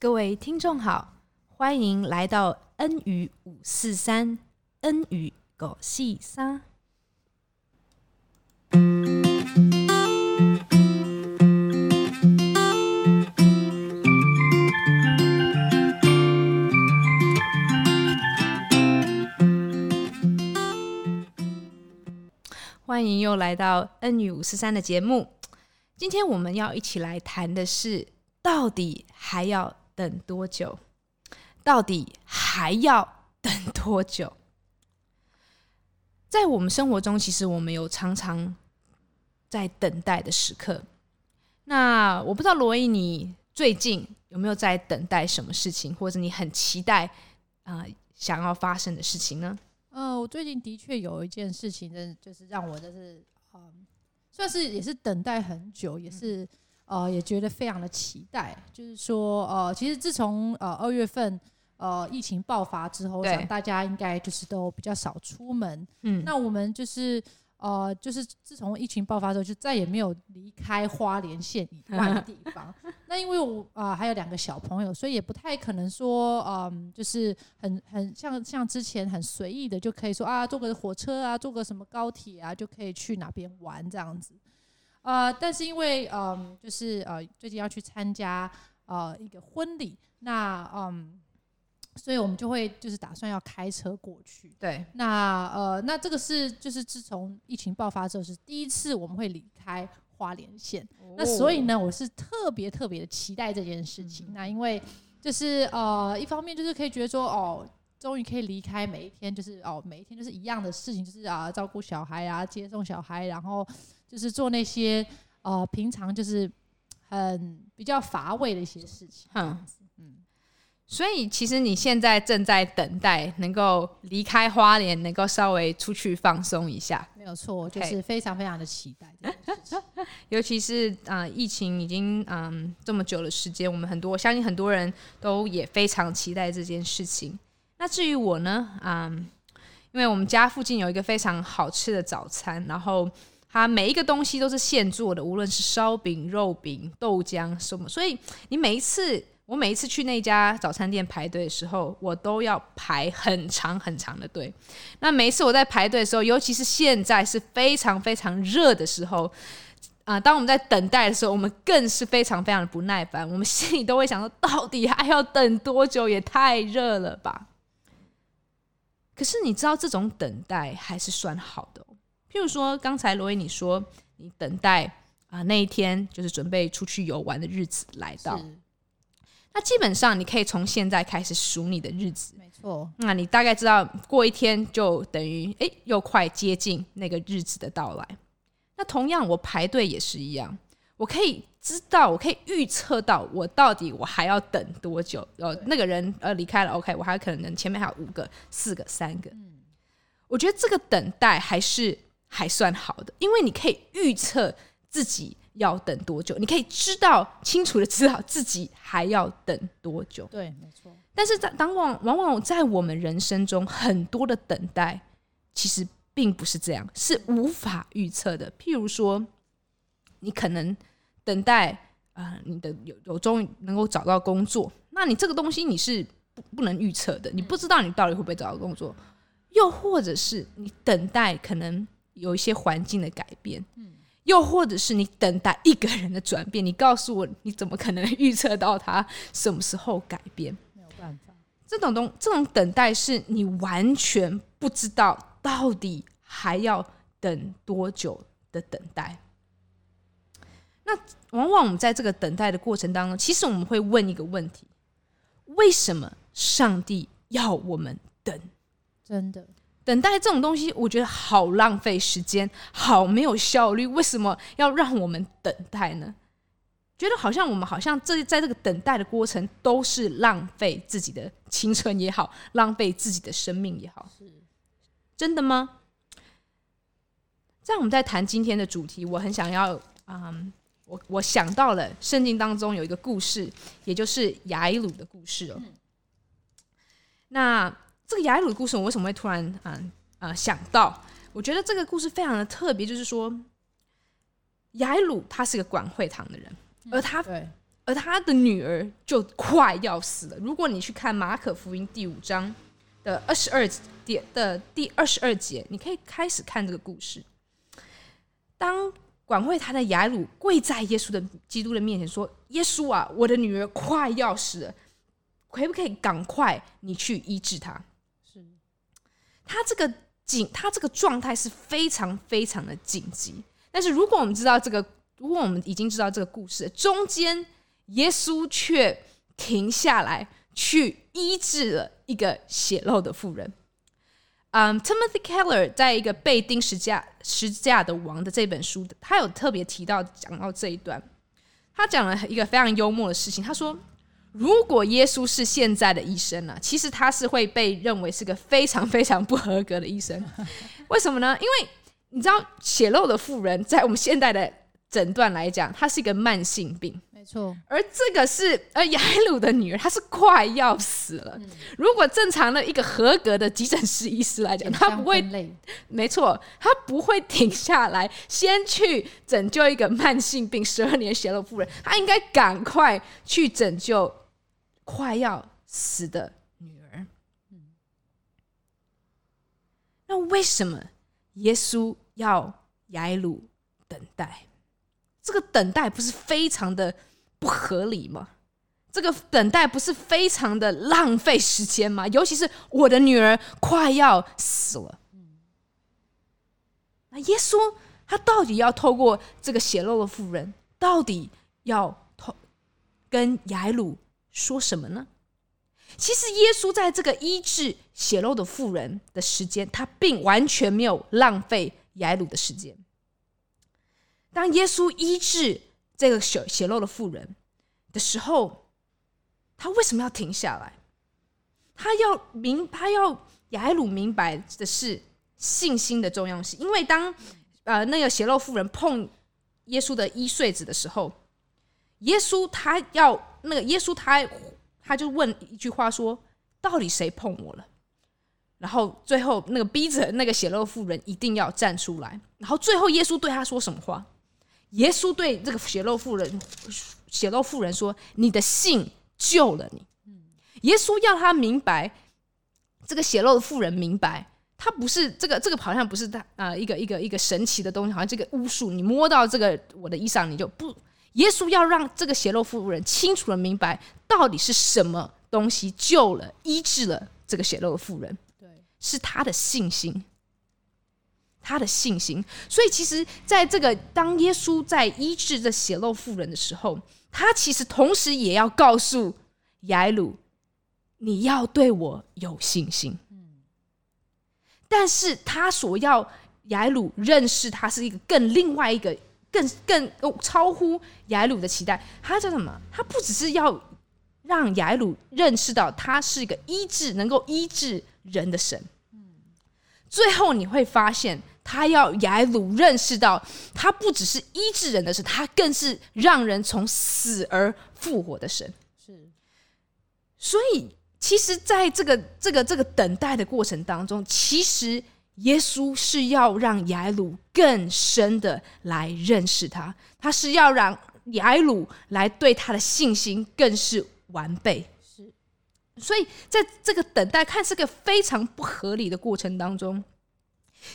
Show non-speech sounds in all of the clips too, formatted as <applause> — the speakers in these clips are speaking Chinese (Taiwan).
各位聽眾好，歡迎來到 N 與五四三，N 與狗細沙。歡迎又來到 N 與五四三的節目。今天我們要一起來談的是，到底還要等多久？到底還要等多久？在我們生活中，其實我們有常常在等待的時刻。那我不知道蘿以，你最近有沒有在等待什麼事情，或者你很期待啊、呃、想要發生的事情呢？嗯、呃，我最近的確有一件事情，真就是讓我就是嗯，算是也是等待很久，也是。呃，也覺得非常的期待，就是說，呃，其實自從呃二月份呃疫情爆發之後，對我想大家應該就是都比較少出門。嗯、那我們就是呃，就是自從疫情爆發之後，就再也沒有離開花蓮縣以外的地方。 <laughs> 那因為我啊、呃、還有兩個小朋友，所以也不太可能說，嗯、呃，就是很很像像之前很隨意的就可以說啊，坐個火車啊，坐個什麼高鐵啊，就可以去哪邊玩這樣子。呃，但是因為呃、嗯，就是呃，最近要去參加呃一個婚禮，那嗯，所以我們就會就是打算要開車過去。對，那呃，那這個是就是自從疫情爆發之後是第一次我們會離開花蓮縣，哦、那所以呢，我是特別特別的期待這件事情。嗯、哼那因為就是呃，一方面就是可以覺得說哦。終於可以離開，每一天就是哦，每一天就是一樣的事情，就是啊、呃，照顧小孩啊，接送小孩，然後就是做那些、呃、平常就是很比較乏味的一些事情。嗯，嗯。所以其實你現在正在等待能夠離開花蓮，能夠稍微出去放鬆一下。沒有錯，就是非常非常的期待，Okay. <laughs> 尤其是啊、呃，疫情已經嗯、呃、這麼久的時間，我們很多我相信很多人都也非常期待這件事情。那至於我呢？啊、嗯，因為我們家附近有一個非常好吃的早餐，然後它每一個東西都是現做的，無論是燒餅、肉餅、豆漿什麼，所以你每一次我每一次去那家早餐店排隊的時候，我都要排很長很長的隊。那每一次我在排隊的時候，尤其是現在是非常非常熱的時候，啊、呃，當我們在等待的時候，我們更是非常非常的不耐煩，我們心裡都會想說：到底還要等多久？也太熱了吧！可是你知道，這種等待還是算好的、哦。譬如說，剛才蘿以你說，你等待啊、呃、那一天就是準備出去遊玩的日子來到。是那基本上你可以從現在開始數你的日子，沒錯錯。那你大概知道過一天就等於哎、欸、又快接近那個日子的到來。那同樣，我排隊也是一樣，我可以。知道我可以預測到我到底我還要等多久？呃對、哦，那個人呃離開了，OK，我還可能前面還有五個、四個、三個。嗯，我覺得這個等待還是還算好的，因為你可以預測自己要等多久，你可以知道清楚地知道自己還要等多久。對，沒錯。但是在當往往往在我們人生中，很多的等待其實並不是這樣，是無法預測的。譬如說，你可能。等待啊、呃，你的有有終於能夠找到工作，那你這個東西你是不不能預測的，你不知道你到底會不會找到工作，又或者是你等待可能有一些環境的改變，又或者是你等待一個人的轉變，你告訴我你怎麼可能預測到他什麼時候改變？沒有辦法，這種東這種等待是你完全不知道到底還要等多久的等待。那往往我們在這個等待的過程當中，其實我們會問一個問題：為什麼上帝要我們等？真的。等待這種東西，我覺得好浪費時間，好沒有效率。為什麼要讓我們等待呢？覺得好像我們好像這在這個等待的過程都是浪費自己的青春也好，浪費自己的生命也好，是真的嗎？這樣我們在談今天的主題，我很想要，嗯。我我想到了聖經當中有一個故事，也就是雅伊魯的故事哦。嗯、那這個雅伊魯的故事，我為什麼會突然啊啊、嗯嗯、想到？我覺得這個故事非常的特別，就是說雅伊魯他是個管會堂的人，嗯、而他，對而他的女兒就快要死了。如果你去看馬可福音第五章的二十二節的第二十二節，你可以開始看這個故事。當管會堂的睚魯跪在耶穌的基督的面前說：“耶穌啊，我的女兒快要死了，可不可以趕快你去醫治她？”是的。他這個緊，他這個狀態是非常非常的緊急。但是如果我們知道這個，如果我們已經知道這個故事中間，耶穌卻停下來去醫治了一個血漏的婦人。嗯、um,，Timothy Keller 在一個被釘十字架十字架的王的這本書，他有特別提到講到這一段，他講了一個非常幽默的事情。他說，如果耶穌是現在的醫生呢、啊，其實他是會被認為是個非常非常不合格的醫生。為什麼呢？因為你知道血漏的婦人，在我們現代的診斷來講，他是一個慢性病。錯，而這個是呃雅魯的女兒，她是快要死了。如果正常的一個合格的急診室醫師來講，他不會累，沒錯，他不會停下來，先去拯救一個慢性病十二年血漏的婦人，他應該趕快去拯救快要死的女兒。嗯，那為什麼耶穌要雅魯等待？這個等待不是非常的？不合理嗎？這個等待不是非常的浪費時間嗎？尤其是我的女兒快要死了。那耶穌他到底要透過這個血漏的婦人，到底要透跟睚魯說什麼呢？其實耶穌在這個醫治血漏的婦人的時間，他並完全沒有浪費睚魯的時間。當耶穌醫治。這個血血漏的婦人的時候，他為什麼要停下來？他要明，他要睚魯明白的是信心的重要性。因為當呃那個血漏婦人碰耶穌的衣繸子的時候，耶穌他要那個耶穌他他就問一句話說：“到底誰碰我了？”然後最後那個逼着那個血漏婦人一定要站出來。然後最後耶穌對他說什麼話？耶穌對這個血漏婦人，血漏婦人說：“你的信救了你。”耶穌要他明白，這個血漏婦人明白，他不是這個這個好像不是他啊，一個一個一個神奇的東西，好像這個巫術，你摸到這個我的衣裳，你就不。耶穌要讓這個血漏婦人清楚的明白，到底是什麼東西救了、醫治了這個血漏的婦人？對，是他的信心。他的信心，所以其實，在這個當耶穌在醫治這血漏婦人的時候，他其實同時也要告訴睚魯，你要對我有信心。嗯，但是他所要睚魯認識，他是一個更另外一個更更、哦、超乎睚魯的期待。他叫什麼？他不只是要讓睚魯認識到他是一個醫治能夠醫治人的神。嗯，最後你會發現。他要雅魯認識到，他不只是醫治人的神，他更是讓人從死而復活的神。是，所以其實，在這個這個這個等待的過程當中，其實耶穌是要讓雅魯更深的來認識他，他是要讓雅魯來對他的信心更是完備。是，所以在這個等待看似個非常不合理的過程當中。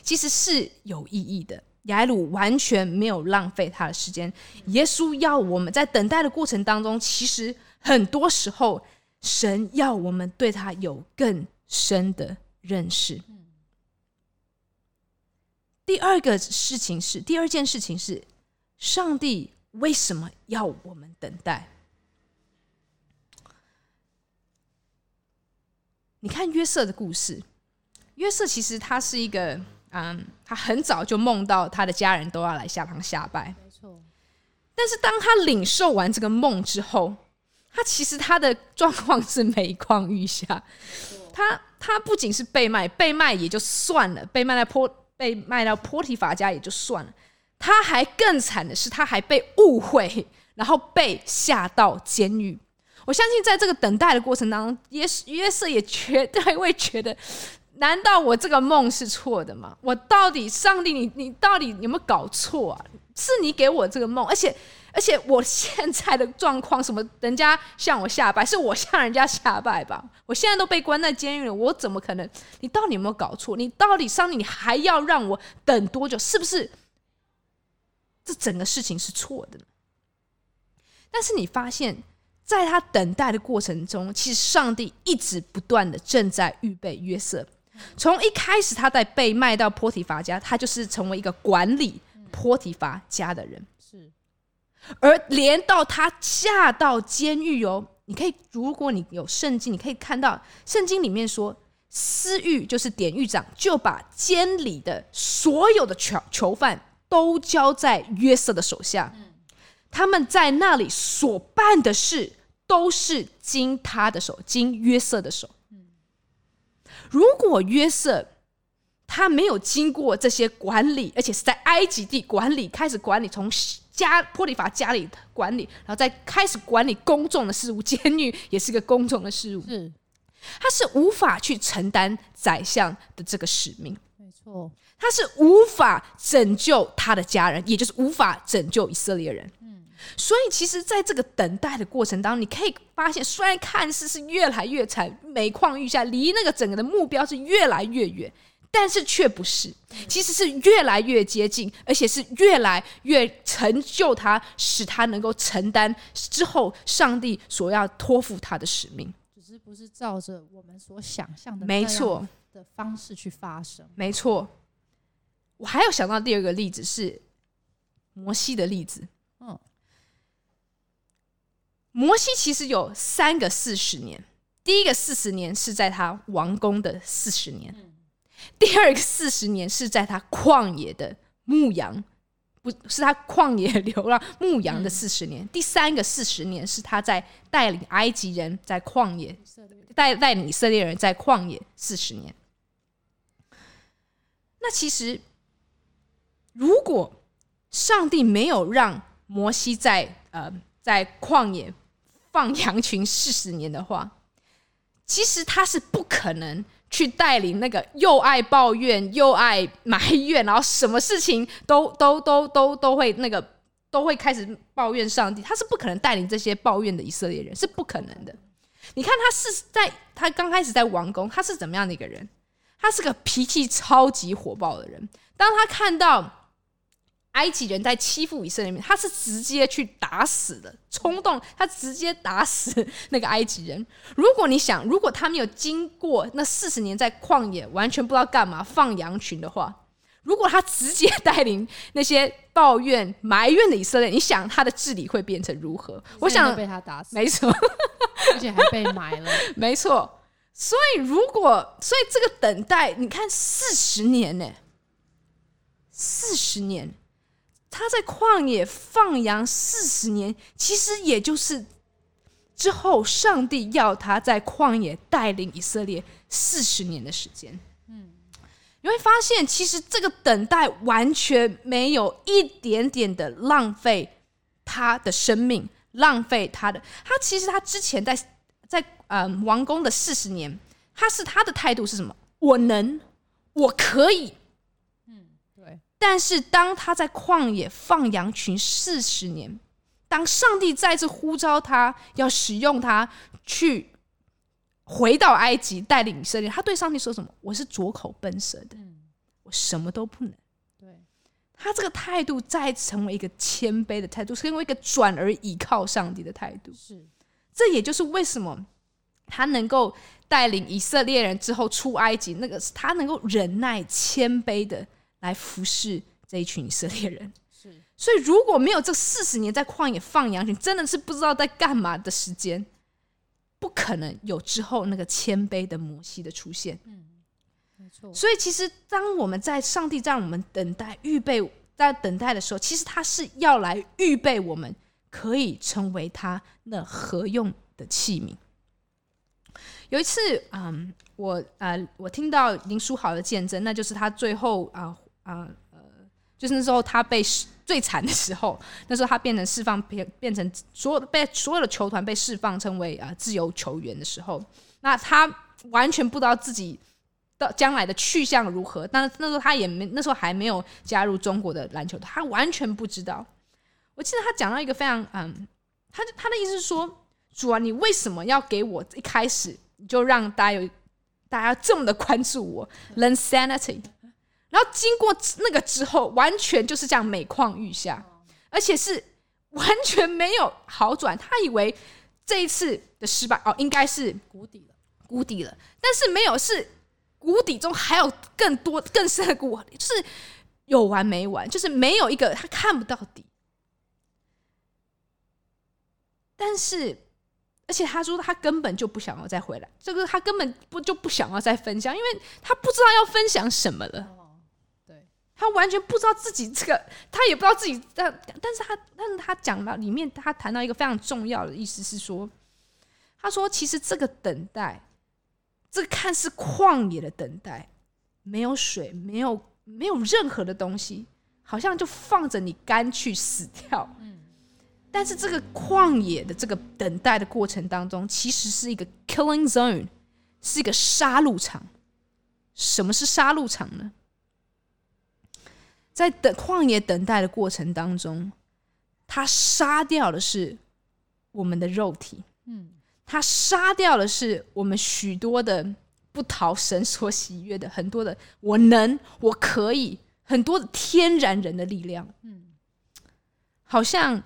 其實是有意義的。雅魯完全沒有浪費他的時間。耶穌要我們在等待的過程當中，其實很多時候，神要我們對他有更深的認識。嗯、第二個事情是，第二件事情是，上帝為什麼要我們等待？你看約瑟的故事，約瑟其實他是一個。嗯，他很早就夢到他的家人都要來下堂下拜，但是當他領受完這個夢之後，他其實他的狀況是每況愈下他，他他不僅是被賣，被賣也就算了，被賣到波被賣到波提乏家也就算了，他還更慘的是，他還被誤會，然後被下到監獄。我相信，在這個等待的過程當中耶，約約瑟也絕對會覺得。難道我這個夢是錯的嗎？我到底，上帝你，你你到底有沒有搞錯啊？是你給我這個夢，而且而且我現在的狀況，什麼人家向我下拜，是我向人家下拜吧？我現在都被關在監獄了，我怎麼可能？你到底有沒有搞錯？你到底，上帝，你還要讓我等多久？是不是這整個事情是錯的？但是你發現，在他等待的過程中，其實上帝一直不斷的正在預備約瑟。從一開始，他在被賣到波提乏家，他就是成為一個管理波提乏家的人。是，而連到他下到監獄哦，你可以，如果你有聖經，你可以看到聖經裡面說，司獄就是典獄長就把監裡的所有的囚囚犯都交在約瑟的手下，嗯、他們在那裡所辦的事都是經他的手，經約瑟的手。如果約瑟他沒有經過這些管理，而且是在埃及地管理，開始管理從家波利法家裡管理，然後再開始管理公眾的事務，監獄也是個公眾的事務，他是無法去承擔宰相的這個使命，沒錯，他是無法拯救他的家人，也就是無法拯救以色列人。所以，其實，在這個等待的過程當中，你可以發現，雖然看似是越來越慘，每況愈下，離那個整個的目標是越來越遠，但是卻不是，其實是越來越接近，而且是越來越成就他，使他能夠承擔之後上帝所要托付他的使命。只是不是照着我們所想象的沒錯的方式去發生。沒錯，我還有想到第二個例子是摩西的例子。摩西其實有三個四十年，第一個四十年是在他王宮的四十年，第二個四十年是在他曠野的牧羊，不是，是他曠野流浪牧羊的四十年，第三個四十年是他在帶領埃及人在曠野帶帶領以色列人在曠野四十年。那其實，如果上帝沒有讓摩西在呃。在曠野放羊群四十年的話，其實他是不可能去帶領那個又愛抱怨又愛埋怨，然後什麼事情都都都都都會那個都會開始抱怨上帝，他是不可能帶領這些抱怨的以色列人，是不可能的。你看他是在他剛開始在王宮，他是怎麼樣的一個人？他是個脾氣超級火爆的人。當他看到。埃及人在欺負以色列，他是直接去打死的衝動，他直接打死那個埃及人。如果你想，如果他沒有經過那四十年在曠野，完全不知道幹嘛放羊群的話，如果他直接帶領那些抱怨埋怨的以色列，你想他的治理會變成如何？現在 我想都被他打死，沒錯，而且還被埋了，沒錯。所以，如果所以這個等待，你看四十年呢、欸，四十年。他在曠野放羊四十年，其實也就是之後上帝要他在曠野帶領以色列四十年的時間。嗯，你會發現，其實這個等待完全沒有一點點的浪費他的生命，浪費他的。他其實他之前在在嗯、呃、王宮的四十年，他是他的態度是什麼？我能，我可以。但是，當他在曠野放羊群四十年，當上帝再次呼召他要使用他去回到埃及帶領以色列，他對上帝說什麼？我是拙口笨舌的，我什麼都不能。對，他這個態度再次成為一個謙卑的態度，是因為一個轉而依靠上帝的態度。是，這也就是為什麼他能夠帶領以色列人之後出埃及，那個是他能夠忍耐謙卑的。來服侍這一群以色列人，是。所以如果沒有這四十年在曠野放羊，你真的是不知道在幹嘛的時間，不可能有之後那個謙卑的摩西的出現。嗯，沒錯。所以其實當我們在上帝讓我們等待預備在等待的時候，其實他是要來預備我們可以成為他那合用的器皿。有一次，嗯，我啊、呃，我聽到林書豪的見證，那就是他最後啊。呃啊呃，就是那時候他被最慘的時候，那時候他變成釋放變變成所有的被所有的球團被釋放成為啊、呃、自由球員的時候，那他完全不知道自己到將來的去向如何。但是那時候他也沒那時候還沒有加入中國的籃球，他完全不知道。我記得他講到一個非常嗯，他他的意思是說，主啊，你為什麼要給我一開始你就讓大家有大家這麼的關注我 Linsanity。然後經過那個之後，完全就是這樣每況愈下，而且是完全沒有好轉。他以為這一次的失敗哦，應該是谷底了，谷底了。但是沒有，是谷底中還有更多更深的谷底，就是有完沒完，就是沒有一個他看不到底。但是，而且他說他根本就不想要再回來，這個他根本不就不想要再分享，因為他不知道要分享什麼了。他完全不知道自己這個，他也不知道自己在，但但是他但是他講到裡面，他談到一個非常重要的意思是說，他說其實這個等待，這個看似曠野的等待，沒有水，沒有沒有任何的東西，好像就放着你乾去死掉。嗯，但是這個曠野的這個等待的過程當中，其實是一個 killing zone，是一個殺戮場。什麼是殺戮場呢？在等曠野等待的過程當中，他殺掉的是我們的肉體，嗯，他殺掉的是我們許多的不討神所喜悅的很多的我能我可以，很多的天然人的力量，嗯，好像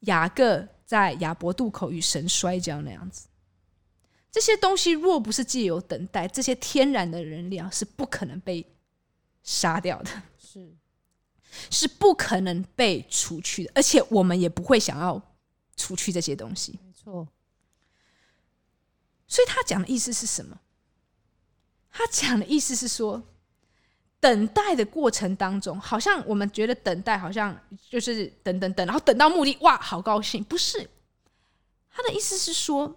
雅各在雅博渡口與神摔跤那樣子，這些東西若不是藉由等待，這些天然的人量是不可能被殺掉的，是。是不可能被除去的，而且我們也不會想要除去這些東西。沒錯。所以他講的意思是什麼？他講的意思是說，等待的過程當中，好像我們覺得等待好像就是等等等，然後等到目的，哇，好高興。不是，他的意思是說，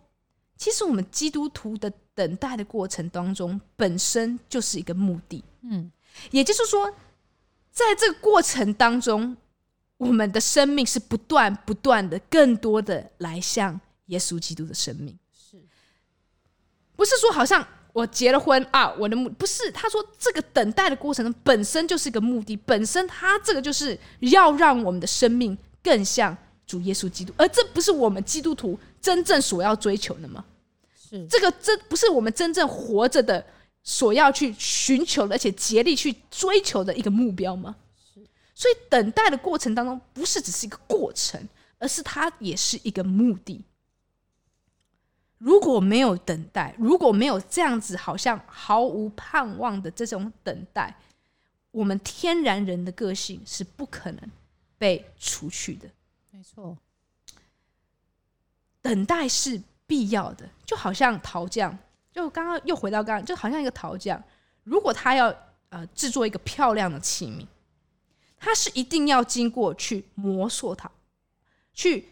其實我們基督徒的等待的過程當中，本身就是一個目的。嗯，也就是說。在這個過程當中，我們的生命是不斷不斷的、更多的來向耶穌基督的生命。是，不是說好像我結了婚啊？我的目的。不是他說這個等待的過程本身就是一個目的，本身他這個就是要讓我們的生命更像主耶穌基督，而這不是我們基督徒真正所要追求的嗎？是，這個真不是我們真正活着的所要去尋求的，而且竭力去追求的一個目標嗎？是。所以，等待的過程當中，不是只是一個過程，而是它也是一個目的。如果沒有等待，如果沒有這樣子，好像毫無盼望的這種等待，我們天然人的個性是不可能被除去的。沒錯，等待是必要的，就好像陶匠。就剛剛又回到剛剛，就好像一個陶匠，如果他要呃製作一個漂亮的器皿，他是一定要經過去磨塑它，去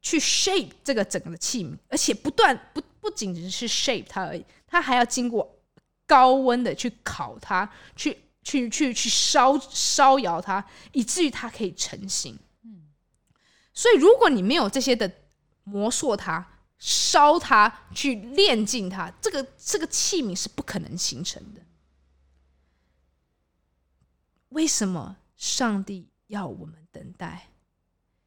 去 shape 這個整個的器皿，而且不斷不不僅僅是 shape 它而已，他還要經過高溫的去烤它，去去去去燒燒窯它，以至於它可以成型。嗯，所以如果你沒有這些的磨塑它。燒它，去煉淨它，這個這個器皿是不可能形成的。為什麼上帝要我們等待？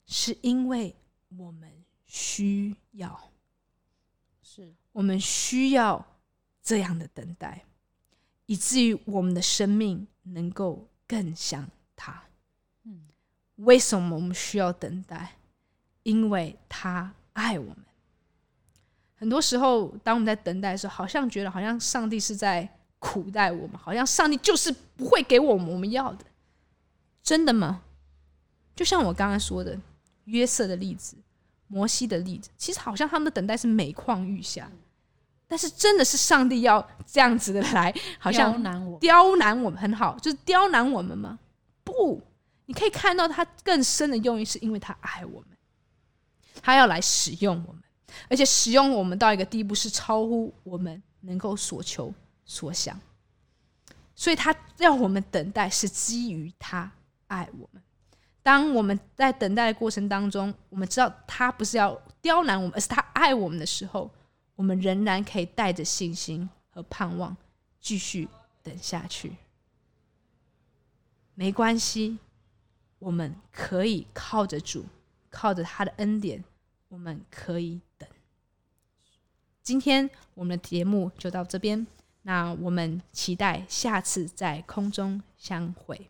是因為我們需要，是我們需要這樣的等待，以至於我們的生命能夠更像他。嗯，為什麼我們需要等待？因為他愛我們。很多時候，當我們在等待的時候，好像覺得好像上帝是在苦待我們，好像上帝就是不會給我們我們要的，真的嗎？就像我剛剛說的，約瑟的例子，摩西的例子，其實好像他們的等待是每況愈下，但是真的是上帝要這樣子的來，好像刁難我，刁難我們，很好，就是刁難我們嗎？不，你可以看到他更深的用意，是因為他愛我們，他要來使用我們。而且使用我們到一個地步，是超乎我們能夠所求所想，所以他讓我們等待是基於他愛我們。當我們在等待的過程當中，我們知道他不是要刁難我們，而是他愛我們的時候，我們仍然可以帶着信心和盼望繼續等下去。沒關係，我們可以靠着主，靠着他的恩典，我們可以。今天我們的節目就到這邊，那我們期待下次在空中相會。